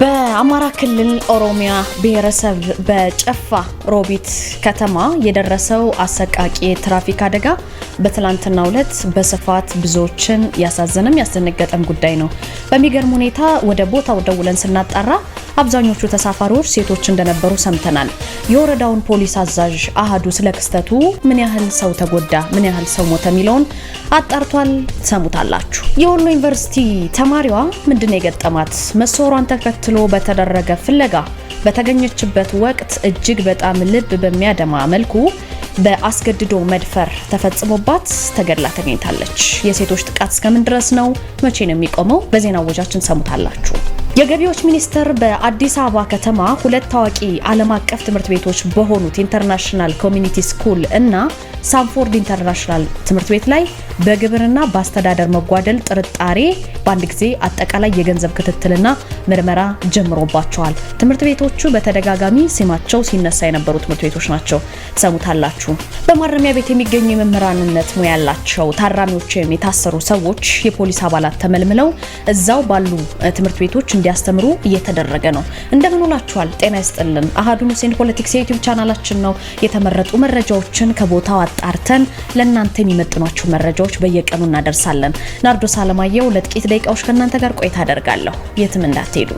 በአማራ ክልል ኦሮሚያ ብሔረሰብ በጨፋ ሮቢት ከተማ የደረሰው አሰቃቂ የትራፊክ አደጋ በትላንትናው ዕለት በስፋት ብዙዎችን ያሳዘነም ያስደነገጠም ጉዳይ ነው። በሚገርም ሁኔታ ወደ ቦታው ደውለን ስናጣራ አብዛኞቹ ተሳፋሪዎች ሴቶች እንደነበሩ ሰምተናል። የወረዳውን ፖሊስ አዛዥ አህዱ ስለ ክስተቱ ምን ያህል ሰው ተጎዳ፣ ምን ያህል ሰው ሞተ የሚለውን አጣርቷል። ሰሙታላችሁ። የወሎ ዩኒቨርሲቲ ተማሪዋ ምንድን የገጠማት? መሰወሯን ተከትሎ በተደረገ ፍለጋ በተገኘችበት ወቅት እጅግ በጣም ልብ በሚያደማ መልኩ በአስገድዶ መድፈር ተፈጽሞባት ተገድላ ተገኝታለች። የሴቶች ጥቃት እስከምን ድረስ ነው? መቼ ነው የሚቆመው? በዜና ወጃችን ሰሙታላችሁ። የገቢዎች ሚኒስቴር በአዲስ አበባ ከተማ ሁለት ታዋቂ ዓለም አቀፍ ትምህርት ቤቶች በሆኑት ኢንተርናሽናል ኮሚኒቲ ስኩል እና ሳንፎርድ ኢንተርናሽናል ትምህርት ቤት ላይ በግብርና በአስተዳደር መጓደል ጥርጣሬ በአንድ ጊዜ አጠቃላይ የገንዘብ ክትትልና ምርመራ ጀምሮባቸዋል። ትምህርት ቤቶቹ በተደጋጋሚ ስማቸው ሲነሳ የነበሩ ትምህርት ቤቶች ናቸው። ትሰሙታላችሁ። በማረሚያ ቤት የሚገኙ የመምህራንነት ሙያ ያላቸው ታራሚዎችም የታሰሩ ሰዎች የፖሊስ አባላት ተመልምለው እዛው ባሉ ትምህርት ቤቶች እንዲያስተምሩ እየተደረገ ነው። እንደምን ውላችኋል? ጤና ይስጥልን። አሀዱ ሁሴን ፖለቲክስ የዩቲዩብ ቻናላችን ነው። የተመረጡ መረጃዎችን ከቦታው አጣርተን ለእናንተ የሚመጥኗቸው መረጃዎች በየቀኑ እናደርሳለን። ናርዶስ አለማየሁ ለጥቂት ደቂቃዎች ከእናንተ ጋር ቆይታ አደርጋለሁ። የትም እንዳትሄዱ።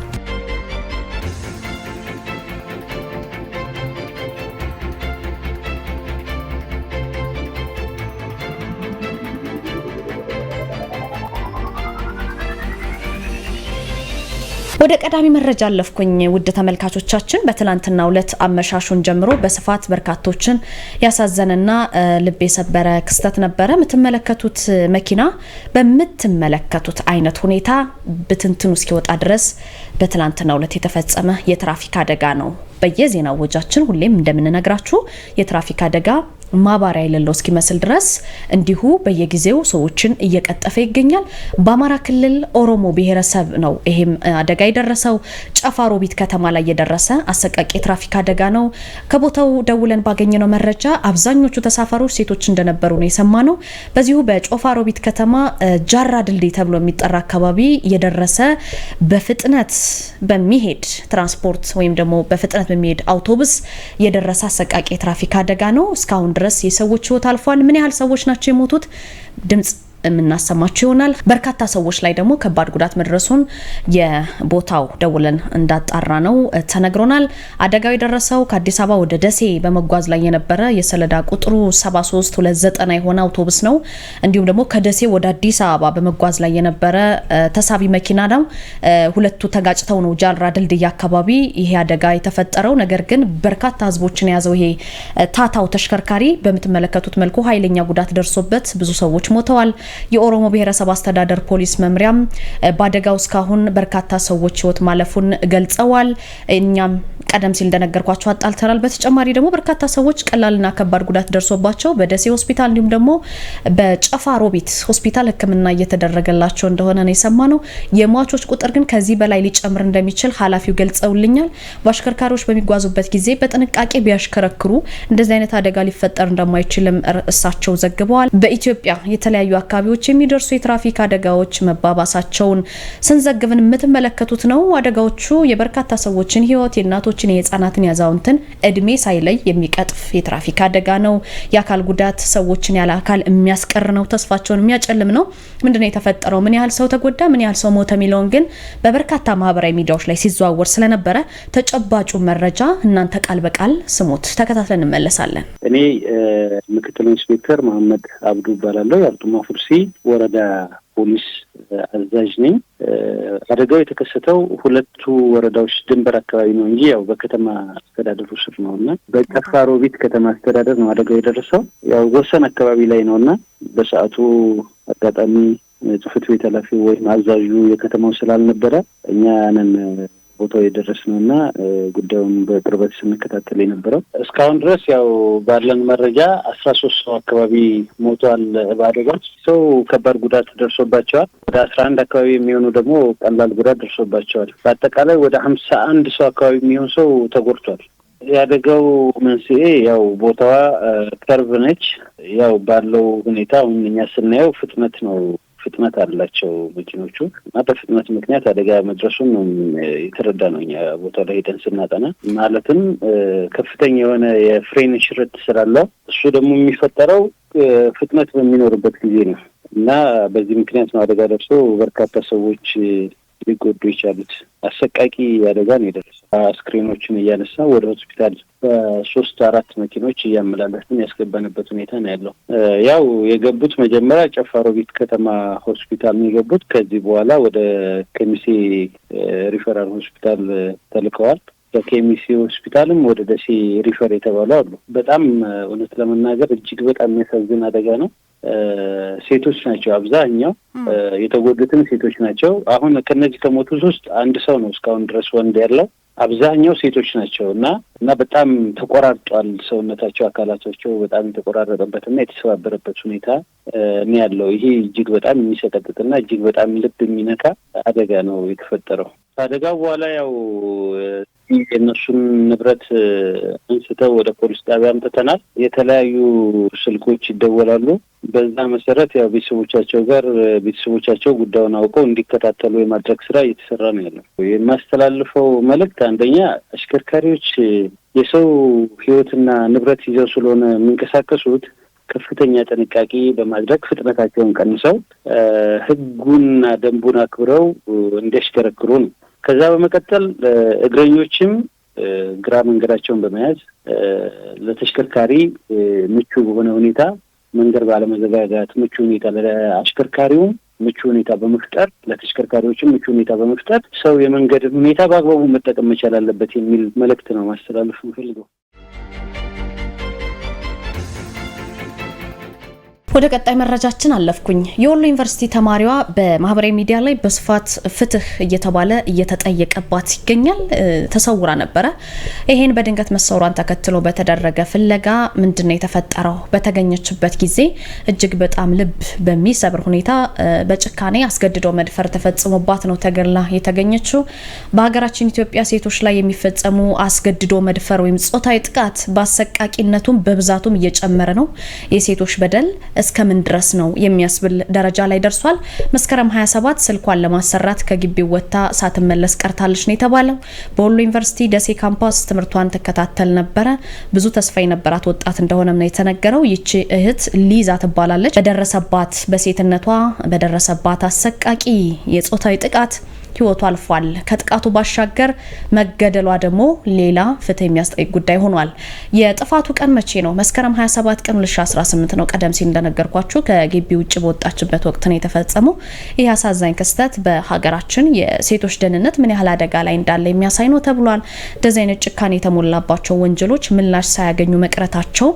ወደ ቀዳሚ መረጃ አለፍኩኝ። ውድ ተመልካቾቻችን በትላንትናው ዕለት አመሻሹን ጀምሮ በስፋት በርካቶችን ያሳዘነና ልብ የሰበረ ክስተት ነበረ። የምትመለከቱት መኪና በምትመለከቱት አይነት ሁኔታ ብትንትኑ እስኪወጣ ድረስ በትላንትናው ዕለት የተፈጸመ የትራፊክ አደጋ ነው። በየዜና ወጃችን ሁሌም እንደምንነግራችሁ የትራፊክ አደጋ ማባሪያ የሌለው እስኪመስል ድረስ እንዲሁ በየጊዜው ሰዎችን እየቀጠፈ ይገኛል። በአማራ ክልል ኦሮሞ ብሔረሰብ ነው ይሄም አደጋ የደረሰው ጨፋ ሮቢት ከተማ ላይ የደረሰ አሰቃቂ የትራፊክ አደጋ ነው። ከቦታው ደውለን ባገኘነው መረጃ አብዛኞቹ ተሳፋሪዎች ሴቶች እንደነበሩ ነው የሰማ ነው። በዚሁ በጮፋ ሮቢት ከተማ ጃራ ድልድይ ተብሎ የሚጠራ አካባቢ የደረሰ በፍጥነት በሚሄድ ትራንስፖርት ወይም ደግሞ በፍጥነት በሚሄድ አውቶቡስ የደረሰ አሰቃቂ የትራፊክ አደጋ ነው እስካሁን ድረስ ድረስ የሰዎች ህይወት አልፏል። ምን ያህል ሰዎች ናቸው የሞቱት? ድምጽ የምናሰማችሁ ይሆናል። በርካታ ሰዎች ላይ ደግሞ ከባድ ጉዳት መድረሱን የቦታው ደውለን እንዳጣራ ነው ተነግሮናል። አደጋው የደረሰው ከአዲስ አበባ ወደ ደሴ በመጓዝ ላይ የነበረ የሰሌዳ ቁጥሩ 7329 የሆነ አውቶቡስ ነው። እንዲሁም ደግሞ ከደሴ ወደ አዲስ አበባ በመጓዝ ላይ የነበረ ተሳቢ መኪና ነው። ሁለቱ ተጋጭተው ነው ጃልራ ድልድይ አካባቢ ይሄ አደጋ የተፈጠረው። ነገር ግን በርካታ ህዝቦችን የያዘው ይሄ ታታው ተሽከርካሪ በምትመለከቱት መልኩ ኃይለኛ ጉዳት ደርሶበት ብዙ ሰዎች ሞተዋል። የኦሮሞ ብሔረሰብ አስተዳደር ፖሊስ መምሪያም በአደጋው እስካሁን በርካታ ሰዎች ህይወት ማለፉን ገልጸዋል። እኛም ቀደም ሲል እንደነገርኳቸው አጣልተናል። በተጨማሪ ደግሞ በርካታ ሰዎች ቀላልና ከባድ ጉዳት ደርሶባቸው በደሴ ሆስፒታል እንዲሁም ደግሞ በጨፋ ሮቢት ሆስፒታል ሕክምና እየተደረገላቸው እንደሆነ ነው ነው። የሟቾች ቁጥር ግን ከዚህ በላይ ሊጨምር እንደሚችል ኃላፊው ገልጸውልኛል። በአሽከርካሪዎች በሚጓዙበት ጊዜ በጥንቃቄ ቢያሽከረክሩ እንደዚህ አይነት አደጋ ሊፈጠር እንደማይችልም እሳቸው ዘግበዋል። በኢትዮጵያ የተለያዩ አካባቢ አካባቢዎች የሚደርሱ የትራፊክ አደጋዎች መባባሳቸውን ስንዘግብን የምትመለከቱት ነው። አደጋዎቹ የበርካታ ሰዎችን ህይወት የእናቶችን፣ የህፃናትን፣ ያዛውንትን እድሜ ሳይለይ የሚቀጥፍ የትራፊክ አደጋ ነው። የአካል ጉዳት ሰዎችን ያለ አካል የሚያስቀር ነው። ተስፋቸውን የሚያጨልም ነው። ምንድነው የተፈጠረው? ምን ያህል ሰው ተጎዳ? ምን ያህል ሰው ሞተ? የሚለውን ግን በበርካታ ማህበራዊ ሚዲያዎች ላይ ሲዘዋወር ስለነበረ ተጨባጩ መረጃ እናንተ ቃል በቃል ስሙት፣ ተከታትለን እንመለሳለን። እኔ ምክትል ኢንስፔክተር መሀመድ አብዱ እባላለሁ። የአርጡማ ፉርሲ ደርሲ ወረዳ ፖሊስ አዛዥ ነኝ። አደጋው የተከሰተው ሁለቱ ወረዳዎች ድንበር አካባቢ ነው እንጂ ያው በከተማ አስተዳደሩ ስር ነው እና በጨፋ ሮቢት ከተማ አስተዳደር ነው አደጋው የደረሰው። ያው ወሰን አካባቢ ላይ ነው እና በሰዓቱ አጋጣሚ ጽሕፈት ቤት ኃላፊው ወይም አዛዡ የከተማው ስላልነበረ እኛ ያንን ቦታው የደረስ ነው እና ጉዳዩን በቅርበት ስንከታተል የነበረው እስካሁን ድረስ ያው ባለን መረጃ አስራ ሶስት ሰው አካባቢ ሞቷል በአደጋው። ሰው ከባድ ጉዳት ደርሶባቸዋል። ወደ አስራ አንድ አካባቢ የሚሆኑ ደግሞ ቀላል ጉዳት ደርሶባቸዋል። በአጠቃላይ ወደ ሀምሳ አንድ ሰው አካባቢ የሚሆን ሰው ተጎድቷል። ያደጋው መንስኤ ያው ቦታዋ ከርብ ነች። ያው ባለው ሁኔታ አሁን እኛ ስናየው ፍጥነት ነው ፍጥነት አላቸው መኪኖቹ እና በፍጥነት ምክንያት አደጋ መድረሱን የተረዳ ነው። እኛ ቦታ ላይ ሄደን ስናጠና ማለትም ከፍተኛ የሆነ የፍሬን ሽረት ስላለው እሱ ደግሞ የሚፈጠረው ፍጥነት በሚኖርበት ጊዜ ነው እና በዚህ ምክንያት ነው አደጋ ደርሶ በርካታ ሰዎች ሊጎዱ የቻሉት። አሰቃቂ አደጋ ነው የደረሰው። አስክሬኖችን እያነሳ ወደ ሆስፒታል በሶስት አራት መኪኖች እያመላለስን ያስገባንበት ሁኔታ ነው ያለው። ያው የገቡት መጀመሪያ ጨፋሮቢት ከተማ ሆስፒታል ነው የገቡት። ከዚህ በኋላ ወደ ከሚሴ ሪፈራል ሆስፒታል ተልከዋል። ከኬሚሲ ሆስፒታልም ወደ ደሴ ሪፈር የተባሉ አሉ። በጣም እውነት ለመናገር እጅግ በጣም የሚያሳዝን አደጋ ነው። ሴቶች ናቸው። አብዛኛው የተጎዱትን ሴቶች ናቸው። አሁን ከነዚህ ከሞቱት ውስጥ አንድ ሰው ነው እስካሁን ድረስ ወንድ ያለው። አብዛኛው ሴቶች ናቸው እና እና በጣም ተቆራርጧል ሰውነታቸው፣ አካላቸው በጣም የተቆራረጠበት እና የተሰባበረበት ሁኔታ ነው ያለው። ይሄ እጅግ በጣም የሚሰቀጥጥ እና እጅግ በጣም ልብ የሚነካ አደጋ ነው የተፈጠረው። ከአደጋው በኋላ ያው የእነሱን ንብረት አንስተው ወደ ፖሊስ ጣቢያ አምጥተናል። የተለያዩ ስልኮች ይደወላሉ። በዛ መሰረት ያው ቤተሰቦቻቸው ጋር ቤተሰቦቻቸው ጉዳዩን አውቀው እንዲከታተሉ የማድረግ ስራ እየተሰራ ነው ያለው። የማስተላልፈው መልእክት አንደኛ አሽከርካሪዎች የሰው ሕይወትና ንብረት ይዘው ስለሆነ የሚንቀሳቀሱት ከፍተኛ ጥንቃቄ በማድረግ ፍጥነታቸውን ቀንሰው ሕጉንና ደንቡን አክብረው እንዲያሽከረክሩ ነው። ከዛ በመቀጠል እግረኞችም ግራ መንገዳቸውን በመያዝ ለተሽከርካሪ ምቹ በሆነ ሁኔታ መንገድ ባለመዘጋጋት ምቹ ሁኔታ ለአሽከርካሪውም ምቹ ሁኔታ በመፍጠር ለተሽከርካሪዎችም ምቹ ሁኔታ በመፍጠር ሰው የመንገድ ሁኔታ በአግባቡ መጠቀም መቻል አለበት የሚል መልእክት ነው ማስተላለፍ የምፈልገው። ወደ ቀጣይ መረጃችን አለፍኩኝ። የወሎ ዩኒቨርሲቲ ተማሪዋ በማህበራዊ ሚዲያ ላይ በስፋት ፍትህ እየተባለ እየተጠየቀባት ይገኛል። ተሰውራ ነበረ። ይሄን በድንገት መሰውሯን ተከትሎ በተደረገ ፍለጋ ምንድነው የተፈጠረው? በተገኘችበት ጊዜ እጅግ በጣም ልብ በሚሰብር ሁኔታ በጭካኔ አስገድዶ መድፈር ተፈጽሞባት ነው ተገላ የተገኘችው። በሀገራችን ኢትዮጵያ ሴቶች ላይ የሚፈጸሙ አስገድዶ መድፈር ወይም ጾታዊ ጥቃት በአሰቃቂነቱም በብዛቱም እየጨመረ ነው። የሴቶች በደል እስከምን ድረስ ነው የሚያስብል ደረጃ ላይ ደርሷል። መስከረም 27 ስልኳን ለማሰራት ከግቢው ወጥታ ሳትመለስ ቀርታለች ነው የተባለው። በወሎ ዩኒቨርሲቲ ደሴ ካምፓስ ትምህርቷን ትከታተል ነበረ። ብዙ ተስፋ የነበራት ወጣት እንደሆነም ነው የተነገረው። ይቺ እህት ሊዛ ትባላለች። በደረሰባት በሴትነቷ በደረሰባት አሰቃቂ የጾታዊ ጥቃት ህይወቱ አልፏል። ከጥቃቱ ባሻገር መገደሏ ደግሞ ሌላ ፍትህ የሚያስጠይቅ ጉዳይ ሆኗል። የጥፋቱ ቀን መቼ ነው? መስከረም 27 ቀን 2018 ነው። ቀደም ሲል እንደነገርኳችሁ ከግቢ ውጭ በወጣችበት ወቅት ነው የተፈጸመው። ይህ አሳዛኝ ክስተት በሀገራችን የሴቶች ደህንነት ምን ያህል አደጋ ላይ እንዳለ የሚያሳይ ነው ተብሏል። እንደዚህ አይነት ጭካኔ የተሞላባቸው ወንጀሎች ምላሽ ሳያገኙ መቅረታቸው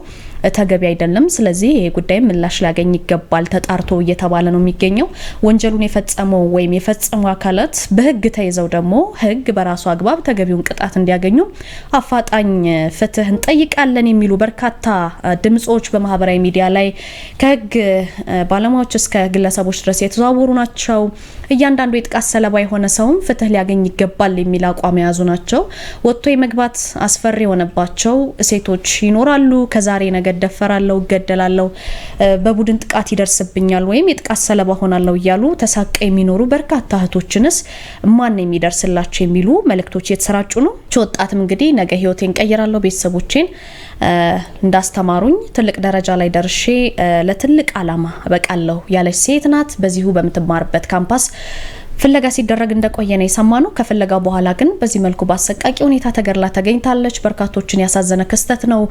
ተገቢ አይደለም። ስለዚህ ይሄ ጉዳይ ምላሽ ሊያገኝ ይገባል ተጣርቶ እየተባለ ነው የሚገኘው። ወንጀሉን የፈጸመው ወይም የፈጸሙ አካላት በህግ ተይዘው ደግሞ ህግ በራሱ አግባብ ተገቢውን ቅጣት እንዲያገኙ አፋጣኝ ፍትህ እንጠይቃለን የሚሉ በርካታ ድምጾች በማህበራዊ ሚዲያ ላይ ከህግ ባለሙያዎች እስከ ግለሰቦች ድረስ የተዘዋወሩ ናቸው። እያንዳንዱ የጥቃት ሰለባ የሆነ ሰውም ፍትህ ሊያገኝ ይገባል የሚል አቋም የያዙ ናቸው። ወጥቶ የመግባት አስፈሪ የሆነባቸው ሴቶች ይኖራሉ። ከዛሬ ነገ መንገድ ደፈራለው፣ እገደላለው፣ በቡድን ጥቃት ይደርስብኛል ወይም የጥቃት ሰለባ ሆናለው እያሉ ተሳቀ የሚኖሩ በርካታ እህቶችንስ ማን የሚደርስላቸው የሚሉ መልእክቶች እየተሰራጩ ነው። ወጣትም እንግዲህ ነገ ህይወቴን ቀይራለሁ፣ ቤተሰቦቼን እንዳስተማሩኝ ትልቅ ደረጃ ላይ ደርሼ ለትልቅ አላማ በቃለው ያለች ሴት ናት። በዚሁ በምትማርበት ካምፓስ ፍለጋ ሲደረግ እንደቆየ ነው የሰማነው። ከፍለጋው በኋላ ግን በዚህ መልኩ በአሰቃቂ ሁኔታ ተገድላ ተገኝታለች። በርካቶችን ያሳዘነ ክስተት ነው።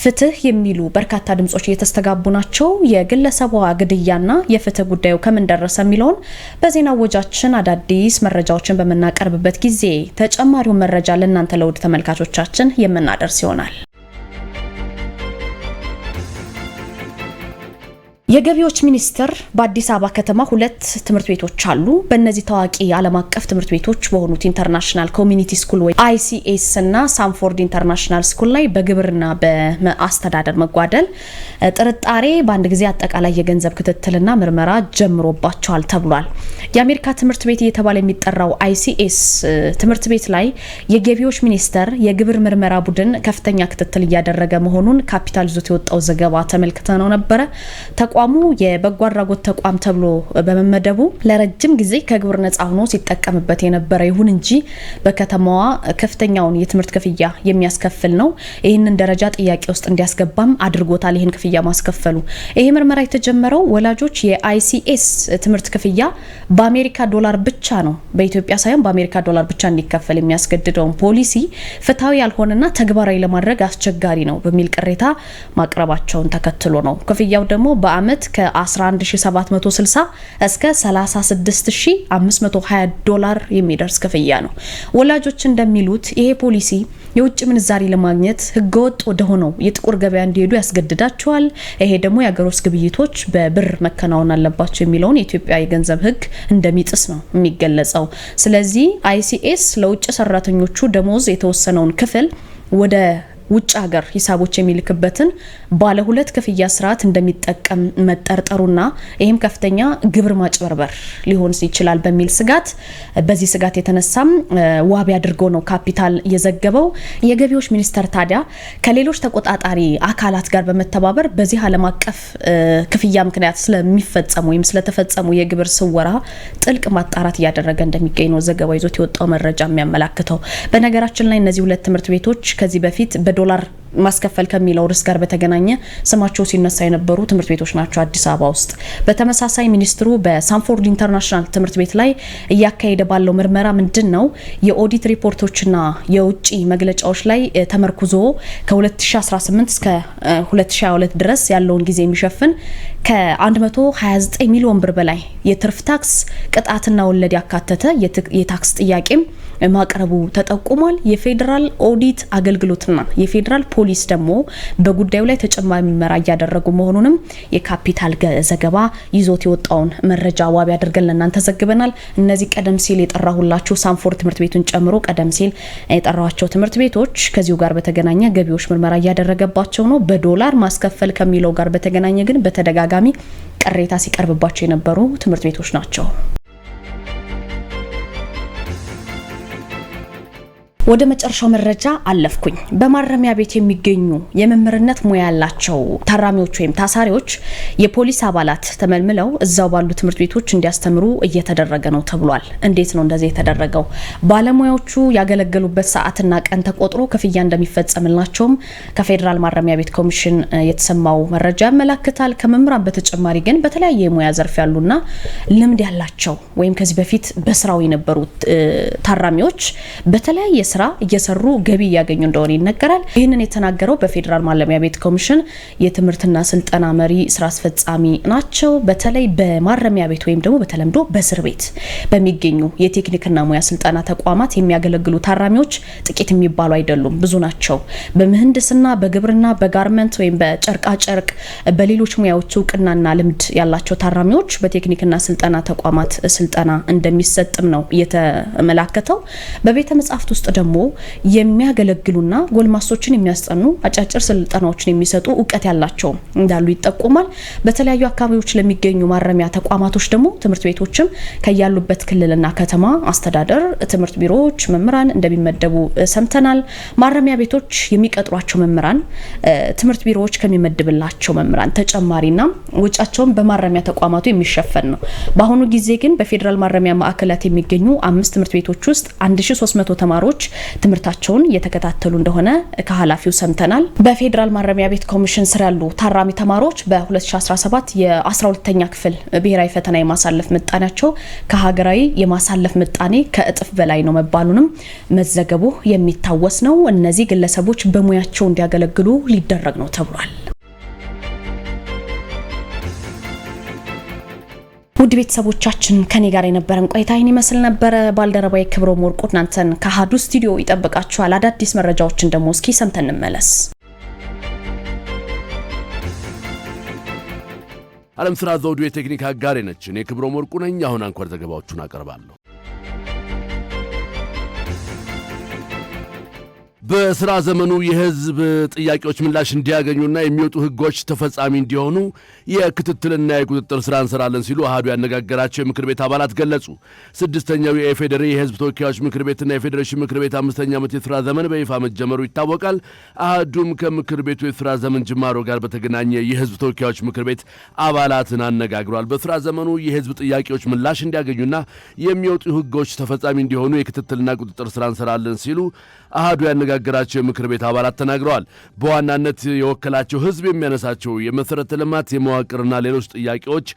ፍትህ የሚሉ በርካታ ድምጾች እየተስተጋቡ ናቸው። የግለሰቧ ግድያና የፍትህ ጉዳዩ ከምን ደረሰ የሚለውን በዜና ወጃችን አዳዲስ መረጃዎችን በምናቀርብበት ጊዜ ተጨማሪውን መረጃ ለእናንተ ለውድ ተመልካቾቻችን የምናደርስ ይሆናል። የገቢዎች ሚኒስቴር በአዲስ አበባ ከተማ ሁለት ትምህርት ቤቶች አሉ። በእነዚህ ታዋቂ ዓለም አቀፍ ትምህርት ቤቶች በሆኑት ኢንተርናሽናል ኮሚኒቲ ስኩል ወይ አይሲኤስ እና ሳንፎርድ ኢንተርናሽናል ስኩል ላይ በግብርና በአስተዳደር መጓደል ጥርጣሬ በአንድ ጊዜ አጠቃላይ የገንዘብ ክትትልና ምርመራ ጀምሮባቸዋል ተብሏል። የአሜሪካ ትምህርት ቤት እየተባለ የሚጠራው አይሲኤስ ትምህርት ቤት ላይ የገቢዎች ሚኒስቴር የግብር ምርመራ ቡድን ከፍተኛ ክትትል እያደረገ መሆኑን ካፒታል ይዞት የወጣው ዘገባ ተመልክተ ነው ነበረ ተቋሙ የበጎ አድራጎት ተቋም ተብሎ በመመደቡ ለረጅም ጊዜ ከግብር ነጻ ሆኖ ሲጠቀምበት የነበረ ይሁን እንጂ በከተማዋ ከፍተኛውን የትምህርት ክፍያ የሚያስከፍል ነው። ይህንን ደረጃ ጥያቄ ውስጥ እንዲያስገባም አድርጎታል። ይህን ክፍያ ማስከፈሉ ይሄ ምርመራ የተጀመረው ወላጆች የአይሲኤስ ትምህርት ክፍያ በአሜሪካ ዶላር ብቻ ነው፣ በኢትዮጵያ ሳይሆን በአሜሪካ ዶላር ብቻ እንዲከፈል የሚያስገድደውን ፖሊሲ ፍትሐዊ ያልሆነና ተግባራዊ ለማድረግ አስቸጋሪ ነው በሚል ቅሬታ ማቅረባቸውን ተከትሎ ነው ክፍያው ደግሞ ዓመት ከ11760 እስከ 36520 ዶላር የሚደርስ ክፍያ ነው። ወላጆች እንደሚሉት ይሄ ፖሊሲ የውጭ ምንዛሪ ለማግኘት ህገወጥ ወደ ሆነው የጥቁር ገበያ እንዲሄዱ ያስገድዳቸዋል። ይሄ ደግሞ የሀገር ውስጥ ግብይቶች በብር መከናወን አለባቸው የሚለውን የኢትዮጵያ የገንዘብ ህግ እንደሚጥስ ነው የሚገለጸው። ስለዚህ አይሲኤስ ለውጭ ሰራተኞቹ ደሞዝ የተወሰነውን ክፍል ወደ ውጭ ሀገር ሂሳቦች የሚልክበትን ባለ ሁለት ክፍያ ስርዓት እንደሚጠቀም መጠርጠሩና ይህም ከፍተኛ ግብር ማጭበርበር ሊሆን ይችላል በሚል ስጋት በዚህ ስጋት የተነሳም ዋቢ አድርጎ ነው ካፒታል የዘገበው። የገቢዎች ሚኒስቴር ታዲያ ከሌሎች ተቆጣጣሪ አካላት ጋር በመተባበር በዚህ ዓለም አቀፍ ክፍያ ምክንያት ስለሚፈጸሙ ወይም ስለተፈጸሙ የግብር ስወራ ጥልቅ ማጣራት እያደረገ እንደሚገኝ ነው ዘገባው ይዞት የወጣው መረጃ የሚያመላክተው። በነገራችን ላይ እነዚህ ሁለት ትምህርት ቤቶች ከዚህ በፊት Dolar. ማስከፈል ከሚለው ርዕስ ጋር በተገናኘ ስማቸው ሲነሳ የነበሩ ትምህርት ቤቶች ናቸው አዲስ አበባ ውስጥ። በተመሳሳይ ሚኒስትሩ በሳንፎርድ ኢንተርናሽናል ትምህርት ቤት ላይ እያካሄደ ባለው ምርመራ ምንድን ነው የኦዲት ሪፖርቶችና የውጭ መግለጫዎች ላይ ተመርኩዞ ከ2018 እስከ 2022 ድረስ ያለውን ጊዜ የሚሸፍን ከ129 ሚሊዮን ብር በላይ የትርፍ ታክስ ቅጣትና ወለድ ያካተተ የታክስ ጥያቄም ማቅረቡ ተጠቁሟል። የፌዴራል ኦዲት አገልግሎትና የፌዴራል ፖ ፖሊስ ደግሞ በጉዳዩ ላይ ተጨማሪ ምርመራ እያደረጉ መሆኑንም የካፒታል ዘገባ ይዞት የወጣውን መረጃ ዋቢ አድርገን ለእናንተ ዘግበናል። እነዚህ ቀደም ሲል የጠራሁላችሁ ሳንፎርድ ትምህርት ቤቱን ጨምሮ ቀደም ሲል የጠራኋቸው ትምህርት ቤቶች ከዚሁ ጋር በተገናኘ ገቢዎች ምርመራ እያደረገባቸው ነው። በዶላር ማስከፈል ከሚለው ጋር በተገናኘ ግን በተደጋጋሚ ቅሬታ ሲቀርብባቸው የነበሩ ትምህርት ቤቶች ናቸው። ወደ መጨረሻው መረጃ አለፍኩኝ። በማረሚያ ቤት የሚገኙ የመምህርነት ሙያ ያላቸው ታራሚዎች ወይም ታሳሪዎች የፖሊስ አባላት ተመልምለው እዛው ባሉ ትምህርት ቤቶች እንዲያስተምሩ እየተደረገ ነው ተብሏል። እንዴት ነው እንደዚህ የተደረገው? ባለሙያዎቹ ያገለገሉበት ሰዓትና ቀን ተቆጥሮ ክፍያ እንደሚፈጸምላቸውም ከፌዴራል ማረሚያ ቤት ኮሚሽን የተሰማው መረጃ ያመላክታል። ከመምህራን በተጨማሪ ግን በተለያየ የሙያ ዘርፍ ያሉና ልምድ ያላቸው ወይም ከዚህ በፊት በስራው የነበሩ ታራሚዎች በተለያየ ስራ እየሰሩ ገቢ እያገኙ እንደሆነ ይነገራል። ይህንን የተናገረው በፌዴራል ማለሚያ ቤት ኮሚሽን የትምህርትና ስልጠና መሪ ስራ አስፈጻሚ ናቸው። በተለይ በማረሚያ ቤት ወይም ደግሞ በተለምዶ በእስር ቤት በሚገኙ የቴክኒክና ሙያ ስልጠና ተቋማት የሚያገለግሉ ታራሚዎች ጥቂት የሚባሉ አይደሉም፣ ብዙ ናቸው። በምህንድስና፣ በግብርና፣ በጋርመንት ወይም በጨርቃጨርቅ፣ በሌሎች ሙያዎች እውቅናና ልምድ ያላቸው ታራሚዎች በቴክኒክና ስልጠና ተቋማት ስልጠና እንደሚሰጥም ነው እየተመላከተው። በቤተ መጻሕፍት ውስጥ ደግሞ የሚያገለግሉና ጎልማሶችን የሚያስጠኑ አጫጭር ስልጠናዎችን የሚሰጡ እውቀት ያላቸው እንዳሉ ይጠቁማል። በተለያዩ አካባቢዎች ለሚገኙ ማረሚያ ተቋማቶች ደግሞ ትምህርት ቤቶችም ከያሉበት ክልልና ከተማ አስተዳደር ትምህርት ቢሮዎች መምህራን እንደሚመደቡ ሰምተናል። ማረሚያ ቤቶች የሚቀጥሯቸው መምህራን ትምህርት ቢሮዎች ከሚመድብላቸው መምህራን ተጨማሪና ወጪያቸውን በማረሚያ ተቋማቱ የሚሸፈን ነው። በአሁኑ ጊዜ ግን በፌዴራል ማረሚያ ማዕከላት የሚገኙ አምስት ትምህርት ቤቶች ውስጥ 1300 ተማሪዎች ትምህርታቸውን እየተከታተሉ እንደሆነ ከኃላፊው ሰምተናል። በፌዴራል ማረሚያ ቤት ኮሚሽን ስር ያሉ ታራሚ ተማሪዎች በ2017 የ12ኛ ክፍል ብሔራዊ ፈተና የማሳለፍ ምጣኔያቸው ከሀገራዊ የማሳለፍ ምጣኔ ከእጥፍ በላይ ነው መባሉንም መዘገቡ የሚታወስ ነው። እነዚህ ግለሰቦች በሙያቸው እንዲያገለግሉ ሊደረግ ነው ተብሏል። ውድ ቤተሰቦቻችን ከኔ ጋር የነበረን ቆይታ ይህን ይመስል ነበረ። ባልደረባዊ ክብሮም ወርቁ እናንተን ከአሀዱ ስቱዲዮ ይጠብቃችኋል። አዳዲስ መረጃዎችን ደግሞ እስኪ ሰምተን እንመለስ። አለም ስራ ዘውዱ የቴክኒክ አጋሬ ነች። እኔ ክብሮም ወርቁ ነኝ። አሁን አንኳር ዘገባዎቹን አቀርባለሁ። በስራ ዘመኑ የህዝብ ጥያቄዎች ምላሽ እንዲያገኙና የሚወጡ ህጎች ተፈጻሚ እንዲሆኑ የክትትልና የቁጥጥር ስራ እንሰራለን ሲሉ አህዱ ያነጋገራቸው የምክር ቤት አባላት ገለጹ። ስድስተኛው የኢፌዴሪ የህዝብ ተወካዮች ምክር ቤትና የፌዴሬሽን ምክር ቤት አምስተኛ ዓመት የስራ ዘመን በይፋ መጀመሩ ይታወቃል። አህዱም ከምክር ቤቱ የስራ ዘመን ጅማሮ ጋር በተገናኘ የህዝብ ተወካዮች ምክር ቤት አባላትን አነጋግሯል። በስራ ዘመኑ የህዝብ ጥያቄዎች ምላሽ እንዲያገኙና የሚወጡ ህጎች ተፈጻሚ እንዲሆኑ የክትትልና ቁጥጥር ስራ እንሰራለን ሲሉ አህዱ ያነጋ ያነጋገራቸው የምክር ቤት አባላት ተናግረዋል። በዋናነት የወከላቸው ህዝብ የሚያነሳቸው የመሠረተ ልማት የመዋቅርና ሌሎች ጥያቄዎች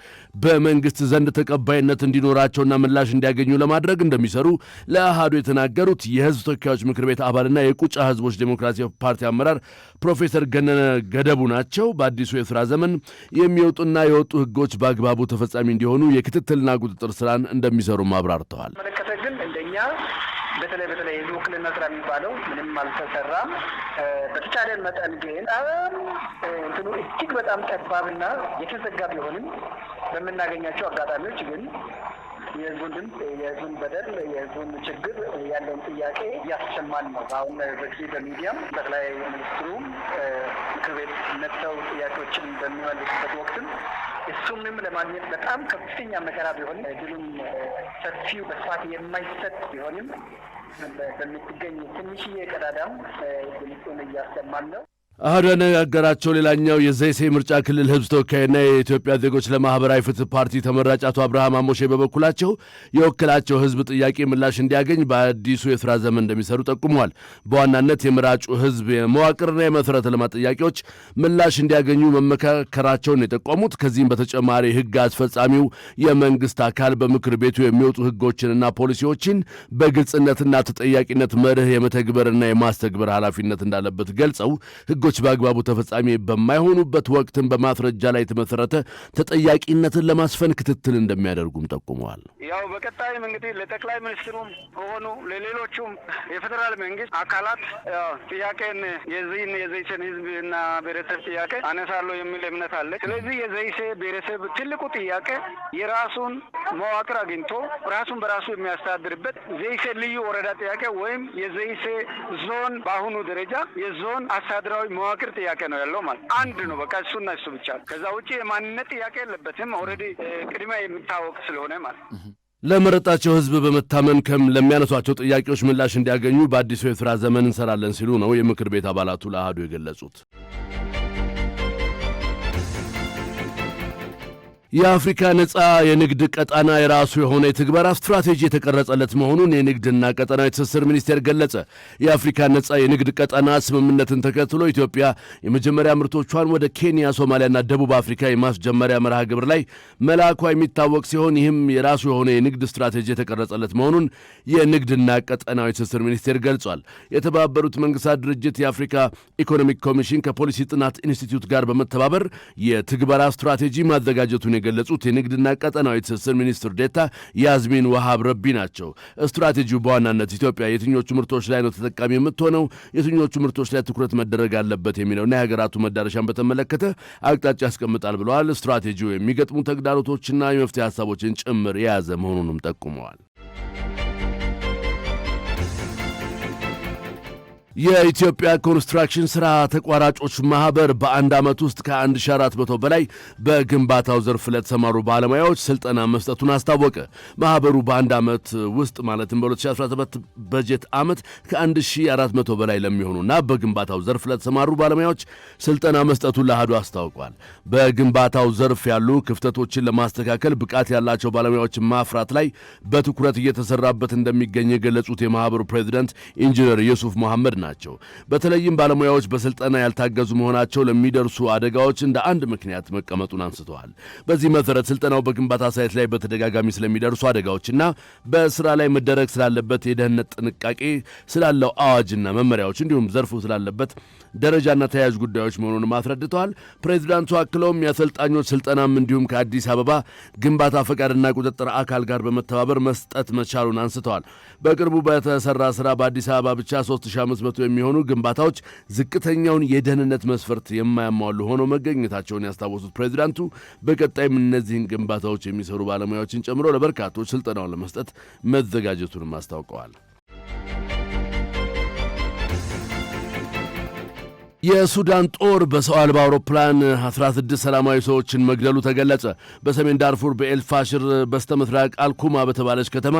በመንግስት ዘንድ ተቀባይነት እንዲኖራቸውና ምላሽ እንዲያገኙ ለማድረግ እንደሚሰሩ ለአሃዱ የተናገሩት የህዝብ ተወካዮች ምክር ቤት አባልና የቁጫ ህዝቦች ዴሞክራሲያዊ ፓርቲ አመራር ፕሮፌሰር ገነነ ገደቡ ናቸው። በአዲሱ የስራ ዘመን የሚወጡና የወጡ ህጎች በአግባቡ ተፈጻሚ እንዲሆኑ የክትትልና ቁጥጥር ስራን እንደሚሰሩም አብራርተዋል። ግን እንደኛ በተለይ በተለይ የዚህ ውክልና ስራ የሚባለው ምንም አልተሰራም። በተቻለን መጠን ግን በጣም እንትኑ እጅግ በጣም ጠባብና የተዘጋ ቢሆንም በምናገኛቸው አጋጣሚዎች ግን የህዝቡን ድምፅ፣ የህዝቡን በደል፣ የህዝቡን ችግር ያለውን ጥያቄ እያስሰማን ነው። አሁን በጊዜ በሚዲያም ጠቅላይ ሚኒስትሩ ምክር ቤት መጥተው ጥያቄዎችን በሚመልሱበት ወቅትም እሱንም ለማግኘት በጣም ከፍተኛ መከራ ቢሆንም እድሉም ሰፊው በስፋት የማይሰጥ ቢሆንም በምትገኝ ትንሽዬ ቀዳዳም ድምፁን እያሰማን ነው። አህዱ ያነጋገራቸው ሌላኛው የዘይሴ ምርጫ ክልል ህዝብ ተወካይና የኢትዮጵያ ዜጎች ለማህበራዊ ፍትህ ፓርቲ ተመራጭ አቶ አብርሃም አሞሼ በበኩላቸው የወከላቸው ህዝብ ጥያቄ ምላሽ እንዲያገኝ በአዲሱ የስራ ዘመን እንደሚሰሩ ጠቁመዋል። በዋናነት የምራጩ ህዝብ የመዋቅርና የመሠረተ ልማት ጥያቄዎች ምላሽ እንዲያገኙ መመካከራቸውን የጠቆሙት ከዚህም በተጨማሪ ህግ አስፈጻሚው የመንግስት አካል በምክር ቤቱ የሚወጡ ህጎችንና ፖሊሲዎችን በግልጽነትና ተጠያቂነት መርህ የመተግበርና የማስተግበር ኃላፊነት እንዳለበት ገልጸው ህጎች በአግባቡ ተፈጻሚ በማይሆኑበት ወቅትን በማስረጃ ላይ የተመሰረተ ተጠያቂነትን ለማስፈን ክትትል እንደሚያደርጉም ጠቁመዋል። ያው በቀጣይም እንግዲህ ለጠቅላይ ሚኒስትሩም ሆኑ ለሌሎቹም የፌዴራል መንግስት አካላት ጥያቄን የዚህን የዘይሴን ህዝብና ብሔረሰብ ጥያቄ አነሳለሁ የሚል እምነት አለ። ስለዚህ የዘይሴ ብሔረሰብ ትልቁ ጥያቄ የራሱን መዋቅር አግኝቶ ራሱን በራሱ የሚያስተዳድርበት ዘይሴ ልዩ ወረዳ ጥያቄ ወይም የዘይሴ ዞን በአሁኑ ደረጃ የዞን አስተዳድራዊ መዋቅር ጥያቄ ነው ያለው ማለት አንድ ነው። በቃ እሱና እሱ ብቻ ከዛ ውጭ የማንነት ጥያቄ የለበትም። ኦልሬዲ ቅድሚያ የሚታወቅ ስለሆነ ማለት ለመረጣቸው ህዝብ በመታመን ከም ለሚያነሷቸው ጥያቄዎች ምላሽ እንዲያገኙ በአዲሱ የስራ ዘመን እንሰራለን ሲሉ ነው የምክር ቤት አባላቱ ለአህዱ የገለጹት። የአፍሪካ ነፃ የንግድ ቀጣና የራሱ የሆነ የትግበራ ስትራቴጂ የተቀረጸለት መሆኑን የንግድና ቀጠናዊ ትስስር ሚኒስቴር ገለጸ። የአፍሪካ ነፃ የንግድ ቀጣና ስምምነትን ተከትሎ ኢትዮጵያ የመጀመሪያ ምርቶቿን ወደ ኬንያ፣ ሶማሊያና ደቡብ አፍሪካ የማስጀመሪያ መርሃ ግብር ላይ መላኳ የሚታወቅ ሲሆን ይህም የራሱ የሆነ የንግድ ስትራቴጂ የተቀረጸለት መሆኑን የንግድና ቀጠናዊ ትስስር ሚኒስቴር ገልጿል። የተባበሩት መንግስታት ድርጅት የአፍሪካ ኢኮኖሚክ ኮሚሽን ከፖሊሲ ጥናት ኢንስቲትዩት ጋር በመተባበር የትግበራ ስትራቴጂ ማዘጋጀቱን የገለጹት የንግድና ቀጠናዊ ትስስር ሚኒስትር ዴታ ያዝሚን ወሃብ ረቢ ናቸው። ስትራቴጂው በዋናነት ኢትዮጵያ የትኞቹ ምርቶች ላይ ነው ተጠቃሚ የምትሆነው፣ የትኞቹ ምርቶች ላይ ትኩረት መደረግ አለበት የሚለውና የሀገራቱ መዳረሻን በተመለከተ አቅጣጫ ያስቀምጣል ብለዋል። ስትራቴጂው የሚገጥሙ ተግዳሮቶችና የመፍትሄ ሀሳቦችን ጭምር የያዘ መሆኑንም ጠቁመዋል። የኢትዮጵያ ኮንስትራክሽን ሥራ ተቋራጮች ማኅበር በአንድ ዓመት ውስጥ ከ1400 በላይ በግንባታው ዘርፍ ለተሰማሩ ባለሙያዎች ሥልጠና መስጠቱን አስታወቀ። ማኅበሩ በአንድ ዓመት ውስጥ ማለትም በ2017 በጀት ዓመት ከ1400 በላይ ለሚሆኑና በግንባታው ዘርፍ ለተሰማሩ ባለሙያዎች ሥልጠና መስጠቱን ለአህዱ አስታውቋል። በግንባታው ዘርፍ ያሉ ክፍተቶችን ለማስተካከል ብቃት ያላቸው ባለሙያዎችን ማፍራት ላይ በትኩረት እየተሰራበት እንደሚገኝ የገለጹት የማኅበሩ ፕሬዚደንት ኢንጂነር ዩሱፍ መሐመድ ናቸው። ናቸው። በተለይም ባለሙያዎች በስልጠና ያልታገዙ መሆናቸው ለሚደርሱ አደጋዎች እንደ አንድ ምክንያት መቀመጡን አንስተዋል። በዚህ መሰረት ስልጠናው በግንባታ ሳይት ላይ በተደጋጋሚ ስለሚደርሱ አደጋዎችና በስራ ላይ መደረግ ስላለበት የደህንነት ጥንቃቄ ስላለው አዋጅና መመሪያዎች እንዲሁም ዘርፉ ስላለበት ደረጃና ተያያዥ ጉዳዮች መሆኑንም አስረድተዋል። ፕሬዚዳንቱ አክለውም የአሰልጣኞች ስልጠናም እንዲሁም ከአዲስ አበባ ግንባታ ፈቃድና ቁጥጥር አካል ጋር በመተባበር መስጠት መቻሉን አንስተዋል። በቅርቡ በተሰራ ስራ በአዲስ አበባ ብቻ በመቶ የሚሆኑ ግንባታዎች ዝቅተኛውን የደህንነት መስፈርት የማያሟሉ ሆነው መገኘታቸውን ያስታወሱት ፕሬዚዳንቱ በቀጣይም እነዚህን ግንባታዎች የሚሰሩ ባለሙያዎችን ጨምሮ ለበርካቶች ስልጠናውን ለመስጠት መዘጋጀቱንም አስታውቀዋል። የሱዳን ጦር በሰው አልባ አውሮፕላን 16 ሰላማዊ ሰዎችን መግደሉ ተገለጸ። በሰሜን ዳርፉር በኤልፋሽር በስተ ምስራቅ አልኩማ በተባለች ከተማ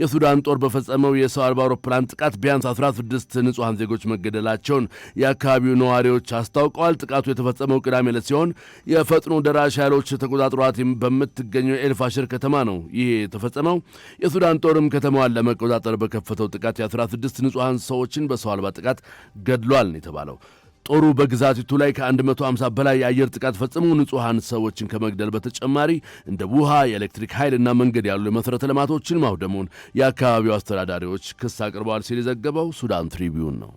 የሱዳን ጦር በፈጸመው የሰው አልባ አውሮፕላን ጥቃት ቢያንስ 16 ንጹሐን ዜጎች መገደላቸውን የአካባቢው ነዋሪዎች አስታውቀዋል። ጥቃቱ የተፈጸመው ቅዳሜ ዕለት ሲሆን የፈጥኖ ደራሽ ኃይሎች ተቆጣጥሯት በምትገኘው ኤልፋሽር ከተማ ነው። ይህ የተፈጸመው የሱዳን ጦርም ከተማዋን ለመቆጣጠር በከፈተው ጥቃት የ16 ንጹሐን ሰዎችን በሰው አልባ ጥቃት ገድሏል ነው የተባለው። ጦሩ በግዛቲቱ ላይ ከ150 በላይ የአየር ጥቃት ፈጽሞ ንጹሐን ሰዎችን ከመግደል በተጨማሪ እንደ ውሃ፣ የኤሌክትሪክ ኃይልና መንገድ ያሉ የመሠረተ ልማቶችን ማውደሙን የአካባቢው አስተዳዳሪዎች ክስ አቅርበዋል ሲል የዘገበው ሱዳን ትሪቢዩን ነው።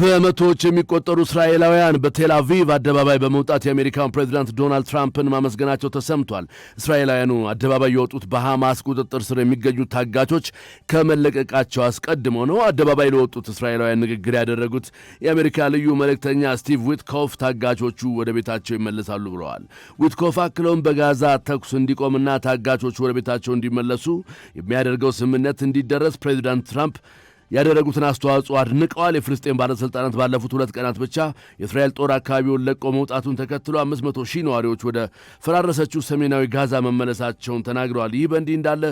በመቶዎች የሚቆጠሩ እስራኤላውያን በቴል አቪቭ አደባባይ በመውጣት የአሜሪካን ፕሬዚዳንት ዶናልድ ትራምፕን ማመስገናቸው ተሰምቷል። እስራኤላውያኑ አደባባይ የወጡት በሐማስ ቁጥጥር ስር የሚገኙ ታጋቾች ከመለቀቃቸው አስቀድሞ ነው። አደባባይ ለወጡት እስራኤላውያን ንግግር ያደረጉት የአሜሪካ ልዩ መልእክተኛ ስቲቭ ዊትኮፍ ታጋቾቹ ወደ ቤታቸው ይመለሳሉ ብለዋል። ዊትኮፍ አክለውም በጋዛ ተኩስ እንዲቆምና ታጋቾቹ ወደ ቤታቸው እንዲመለሱ የሚያደርገው ስምምነት እንዲደረስ ፕሬዚዳንት ትራምፕ ያደረጉትን አስተዋጽኦ አድንቀዋል። የፍልስጤን ባለሥልጣናት ባለፉት ሁለት ቀናት ብቻ የእስራኤል ጦር አካባቢውን ለቆ መውጣቱን ተከትሎ 500 ሺህ ነዋሪዎች ወደ ፈራረሰችው ሰሜናዊ ጋዛ መመለሳቸውን ተናግረዋል። ይህ በእንዲህ እንዳለ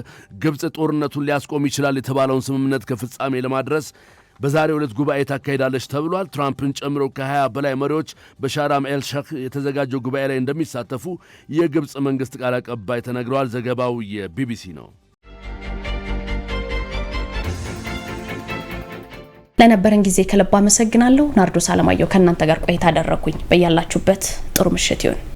ግብፅ ጦርነቱን ሊያስቆም ይችላል የተባለውን ስምምነት ከፍጻሜ ለማድረስ በዛሬ ዕለት ጉባኤ ታካሂዳለች ተብሏል። ትራምፕን ጨምሮ ከ20 በላይ መሪዎች በሻራም ኤልሸክ የተዘጋጀው ጉባኤ ላይ እንደሚሳተፉ የግብፅ መንግሥት ቃል አቀባይ ተነግረዋል። ዘገባው የቢቢሲ ነው። ለነበረን ጊዜ ከልብ አመሰግናለሁ። ናርዶስ አለማየሁ ከእናንተ ጋር ቆይታ አደረግኩኝ። በያላችሁበት ጥሩ ምሽት ይሁን።